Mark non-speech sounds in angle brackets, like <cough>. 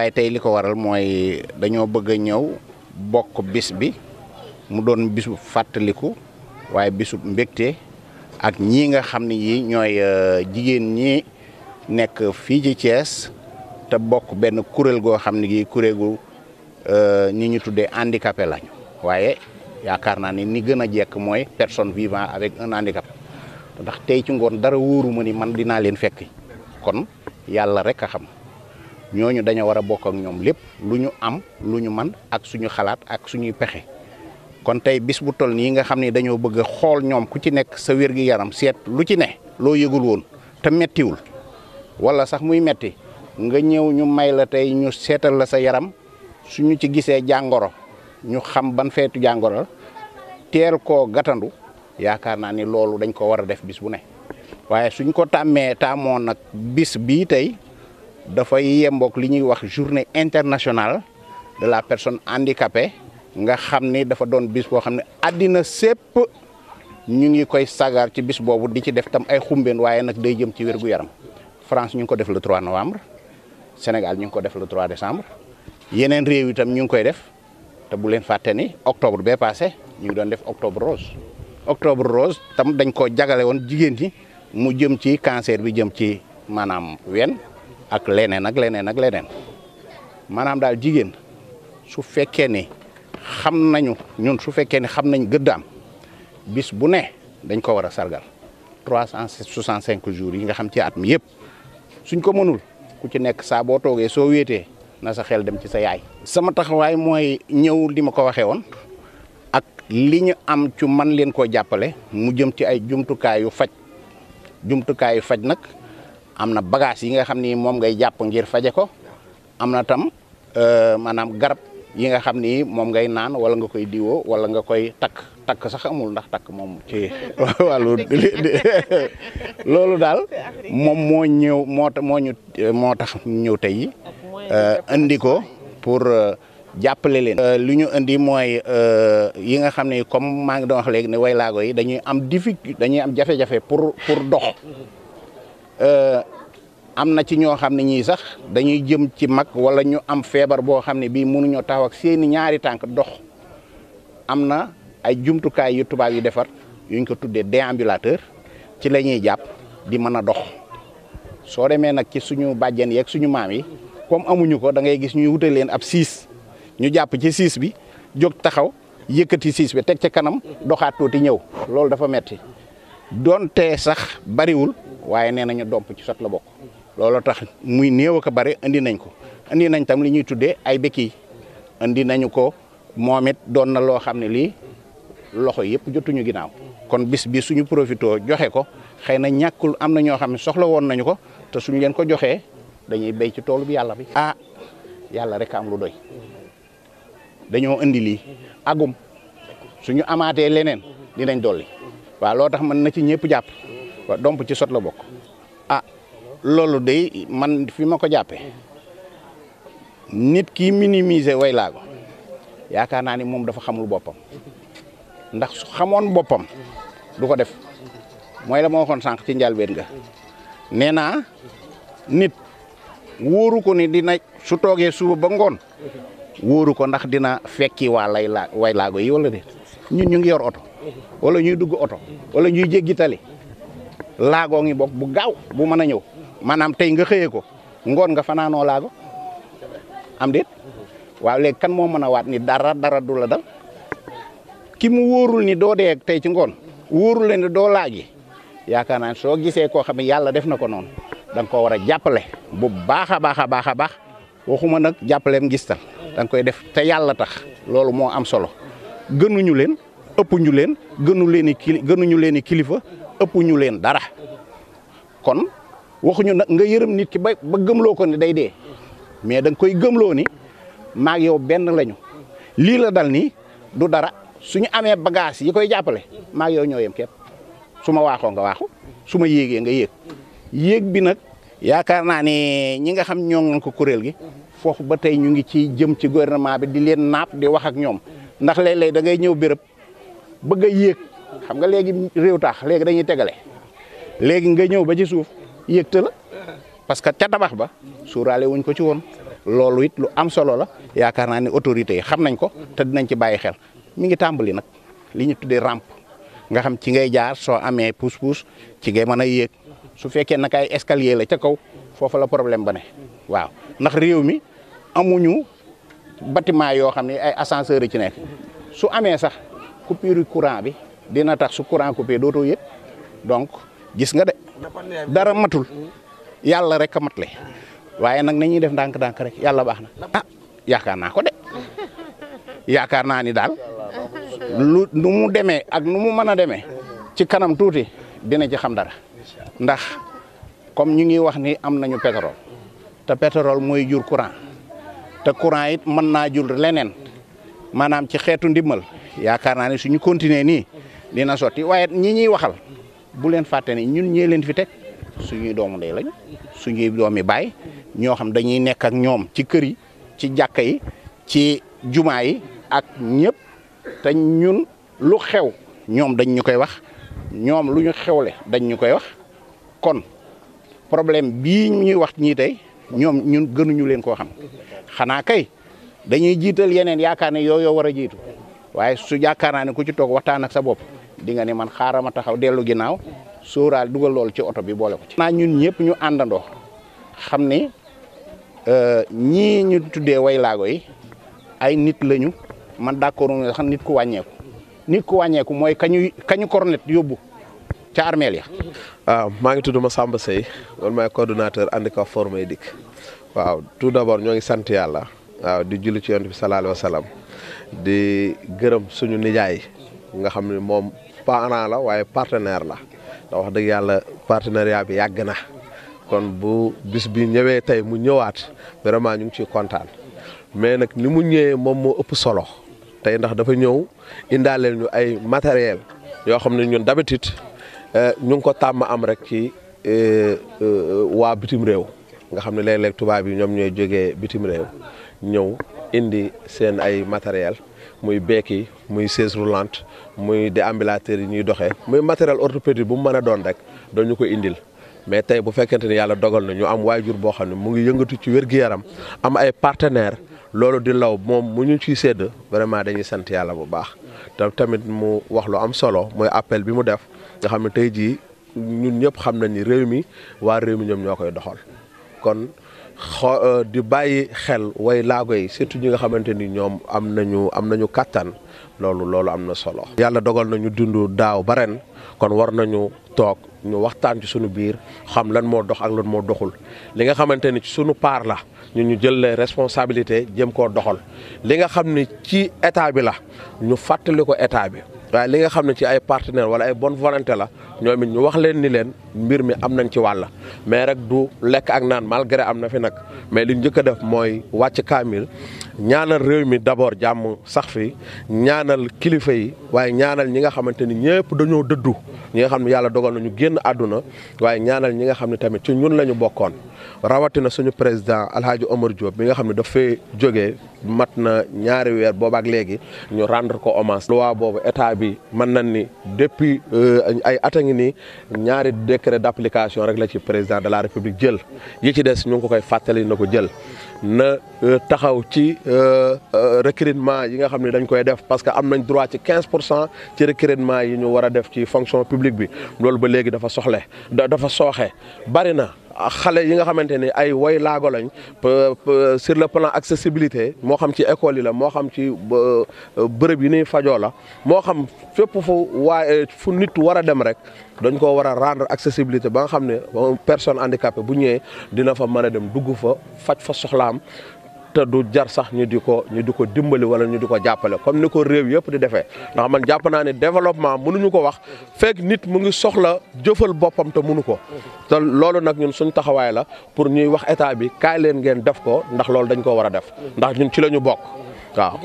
waaye tey li ko waral mooy dañoo bëgg a ñëw bokk bis bi mu doon bisu fàttaliku waaye bisu mbégte ak ñii nga xam ni yii ñooy euh, jigéen ñi nekk fii ci Thiès te bokk benn kuréel goo xam ne gii kuréelu euh, ñi ñu tuddee handicapé lañ waaye yaakaar naa ni ni gën a jekk mooy personne vivant avec un handicap ndax tey ci ngoon dara wóoru ni man dinaa leen fekk kon yàlla rek a xam. ñoñu dañoo wara bok ak ñom lepp luñu am luñu man ak suñu xalaat ak suñuy pexé kon tay bis bu toll ni nga xamni dañu bëgg xol ñom ku ci nekk sa gi yaram set lu ci ne loo yëgul woon te wul wala sax muy metti nga ñew ñu may la tay ñu sétal la sa yaram suñu ci gisé jangoro ñu xam ban fétu jangoro teel ko gatandu yaakaar naa ni loolu dañ ko war a def bis bu ne waaye suñ ko tàmmee nag bis bii tey dafay yemboog li ñuy wax journée internationale de la personne handicapée nga xam dafa doon bis bo xam adina sepp ñu ngi koy sagar ci bis bobu di ci def tam ay xumbeen waye nak day jëm ci yaram France ñu ko def le 3 novembre Sénégal ñu ko def le 3 décembre yenen réew tam ñu koy def te bu len faté ni octobre bé passé ñu doon def octobre rose octobre rose tam dañ ko jagale won jigen ci mu jëm ci cancer bi jëm ci manam wen ak leneen ak leneen ak leneen maanaam daal jigéen su fekkee ni xam nañu ñun su fekkee ni xam nañ gëddaam bis bu ne dañ ko war a sargal trois cent soixante cinq jours yi nga xam ci at mi yëpp suñ ko mënul ku ci nekk saa boo toogee soo wéetee na sa xel dem ci sa yaay. sama taxawaay mooy ñëw li ma ko waxee woon ak li ñu am ci man leen koo jàppale mu jëm ci ay jumtukaayu faj jumtukaayu faj nag. am na bagage yi nga xam ni moom ngay jàpp ngir faje ko am na tam euh, maanaam garab yi nga xam ni moom ngay naan wala nga koy diwoo wala nga koy takk takk sax amul ndax takk moom ci <laughs> wàllu <laughs> daal moom moo ñëw moo moo ñu moo tax ñëw tey euh, indi ko pour euh, jàppale leen. lu ñu indi mooy yi nga xam ne comme maa ngi doon wax léegi ne waylaago yi dañuy am difficulté dañuy am jafe-jafe pour pour dox. Euh, am na ci ñoo xam ne ñii sax dañuy jëm ci mag wala ñu am feebar boo xam ne bii mënuñoo taxaw ak seeni ñaari tànk dox am na ay jumtukaay yu tubaab yi defar yuñ ko tuddee déambulateur ci la ñuy jàpp di mën a dox soo demee nag ci suñu bàjjen yeeg suñu maam yi comme amuñu ko da ngay gis ñuy wute leen ab siis ñu jàpp ci siis bi jóg taxaw yëkkati siis bi teg ci kanam doxaat tuuti ñëw loolu dafa metti donte sax bariwul waaye nee nañu domp ci sot la bokk loolu tax muy néew a ko bari indi nañ ko indi nañ tam li ñuy tuddee ay béquilles indi nañu ko moom it doon na loo xam ne lii loxo yëpp jotuñu ginaaw kon bis bi suñu profité joxe ko xëy na ñàkkul am na ñoo xam ne soxla woon nañu ko te suñu leen ko joxe dañuy béy ci toolu bi yàlla bi ah yàlla rek am lu doy dañoo indi lii agum suñu amaatee leneen dinañ dolli. waaw loo tax man na ci ñëpp jàpp waaw ci sot la bokk ah loolu day man fi ma ko jàppee nit ki minimiser way laa ko yaakaar naa ni moom dafa xamul boppam ndax su xamoon boppam du ko def moy la ma waxoon sànq ci njàlbeen nga nee naa nit wóoru ko ni dina su toogee suba ba ngoon wóoru ko ndax dina fekki waa lay laa way laago wala déet ñun ñu ngi yor auto wala ñuy dugg auto wala ñuy jéggi tali lago ngi bok bu gaaw bu mëna nyu, ñëw maanaam tey nga xëyee ko ngoon nga fanano lago am dit waaw léegi kan mo mëna wat ni dara dara du la dal ki mu worul ni doo ak tay ci ngoon worul ni do laaji yaakaar so gisee ko xamni yalla def nako non dang ko wara jappalé bu baha baha baha baax mana baax waxuma nag jàppaleem gistal dang koy def te yalla tax loolu mo am solo gënuñu leen ëpp ñu leen gënu leen i kili gënuñu leen i kilifa ëpp ñu leen dara kon waxuñu nag nga yërëm nit ki ba ba gëmloo ko ni day dee mais danga koy gëmloo ni maag yow benn lañu lii la dal nii du dara suñu amee bagage yi koy jàppale maag yow ñoo yem képp su ma waaxoo nga waaxu su ma yéegee nga yéeg yéeg bi nag yaakaar naa ne ñi nga xam ñoo ko kuréel gi foofu ba tey ñu ngi ci jëm ci gouvernement bi di leen naap di wax ak ñoom ndax léeg-léeg da ñëw béréb bëgg a yéeg xam nga léegi réew taax léegi dañuy tegale léegi nga ñëw ba ci suuf yéeg parce que ca tabax ba suurale wuñ ko ci woon loolu it lu am solo la yaakaar naa ne autorités yi xam nañ ko te dinañ ci bàyyi xel mi ngi tàmbali nag li ñu tuddee rampe nga xam ci ngay jaar soo amee pousse pousse ci ngay mën a yéeg su fekkee nag ay escalier la ca kaw foofu la problème ba ne waaw ndax réew mi amuñu bâtiment yoo xam ne ay ascenseurs yi ci nekk su amee sax. coupure courant bi dina tax su courant coupé dootoo yëpp donc gis nga de dara matul yàlla rek a matale waaye nag nañuy def ndànk-ndànk rek yàlla baax na ah yaakaar naa ko de yaakaar naa ni daal lu nu mu demee ak nu mu mën a demee ci kanam tuuti dina ci xam dara ndax comme ñu ngi wax ni am nañu pétrole te pétrole mooy jur courant te courant it mën naa jur leneen maanaam ci xeetu ndimbal yaakaar naa ne suñu continuer nii dina sotti waaye ñi ñuy waxal bu leen fàtte ñun ñee leen fi teg suñuy doomu ndey lañ suñuy doomi baay ñoo xam dañuy nekk ak ñoom ci kër yi ci jàkka yi ci jumaa yi ak ñëpp te ñun lu xew ñoom dañ koy wax ñoom lu ñu xewle dañ ñu koy wax kon problème bii ñuy wax ñii tey ñoom ñun gënuñu leen koo xam xanaa kay dañuy jiital yeneen yaakaar ne yooyu war a jiitu waaye su yaakaar naa ne ku ci toog waxtaan ak sa bopp di nga ne man xaaral ma taxaw dellu ginnaaw sóoraal dugal lool ci oto bi boole ko ci. naa ñun ñëpp ñu àndandoo xam ne euh, ñii ñu tuddee way yi ay nit lañu man d'accord xam nit ku wàññeeku nit ku wàññeeku mooy kañu kañu cornet yóbbu ca armeel ya waaw ah, maa ngi tudd Massamba Seye man maay coordonnateur handicap formé dikk waaw tout d'abord ñoo ngi sant yàlla. waaw di julli ci yonent bi sallallahu alayhi salaam di gërëm suñu nijaay nga xam ne moom parent la waaye partenaire la da wax dëgg yàlla partenariat bi yàgg na kon bu bis bi ñëwee tey mu ñëwaat vraiment ñu ngi ciy kontaan mais nag ni mu ñëwee moom moo ëpp solo tey ndax dafa ñëw indaaleel ñu ay matériel yoo xam ne ñun d'habitude euh, ñu ngi ko tàmm am rek ci euh, euh, waa bitim réew nga xam ne léeg-léeg tubaab yi ñoom ñooy jógee bitim réew ñëw indi seen ay matériel muy beek yi muy chaise roulante muy déambulateur yi ñuy doxee muy matériel orthopédique bu mu mën a doon rek ñu ko indil mais tey bu fekkente ni yàlla dogal na ñu am waajur boo xam ne mu ngi yëngatu ci wér-gu-yaram am ay partenaire loolu di law moom mu ñu ciy sédd vraiment dañuy sant yàlla bu baax te tamit mu wax lu am solo mooy appel bi mu def nga xam ne tey jii ñun ñëpp xam nañ ni réew mi waa réew mi ñoom ñoo koy doxal xo euh, di bàyyi xel way laago yi surtout ñi nga xamante ni ñoom am nañu am nañu kàttan loolu loolu am na solo. yàlla dogal na ñu dund daaw ba ren kon war nañu toog ñu waxtaan ci sunu biir xam lan moo dox ak lan moo doxul li nga xamante ni ci sunu part la ñun ñu jël la responsabilité jëm koo doxal li nga xam ni ci état bi la ñu fàttali ko état bi. waaye li nga xam ne ci ay partenaire wala ay bonne volonté la ñoom it ñu wax leen ni leen mbir mi am nañ ci wàll mais rek du lekk ak naan malgré am na fi nag mais li njëkk a def mooy wàcc kaamil ñaanal réew mi d'abord jàmm sax fi ñaanal kilifa yi waaye ñaanal ñi nga xamante ni ñëpp dañoo dëddu ñi nga xam ne yàlla dogal na ñu génn adduna waaye ñaanal ñi nga xam ne tamit ci ñun la ñu bokkoon rawatina suñu président Alhaji Omar Diop bi nga xam ne dafa fee jógee mat na ñaari weer boobaak léegi ñu rendre ko hommage. loi boobu état bi mën nañ ni depuis euh, ay at a ngi nii ñaari décret d'application rek la ci président de la république jël yi ci des ñu ngi ko koy fàttali na ko jël na euh, taxaw ci euh, recrutement yi nga xam ne dañ koy def parce que am nañ droit ci pour cent ci recrutement yi ñu war de def ci publique bi loolu ba léegi dafa soxle dafa sooxe bari na xale yi nga xamante ni ay way laago lañ sur le plan accessibilité moo xam ci école yi la moo xam ci euh, bërëb yi ñuy fajoo la moo xam fépp fu waaye euh, fu nit war a dem rek dañ koo war a rendre accessibilité ba nga xam ne personne handicapée bu ñëwee dina fa mën a dem dugg fa faj fa soxlaam te du jar sax ñu di ko ñu di ko dimbali wala ñu di ko jàppale comme ni ko réew yëpp di defee ndax man jàpp naa ne développement mënuñu ko wax fekk nit mu ngi soxla jëfal boppam te mënu ko te loolu nag ñun suñ taxawaay la pour ñuy wax état bi kaay leen ngeen def ko ndax loolu dañ ko war a def ndax ñun ci lañu bokk waaw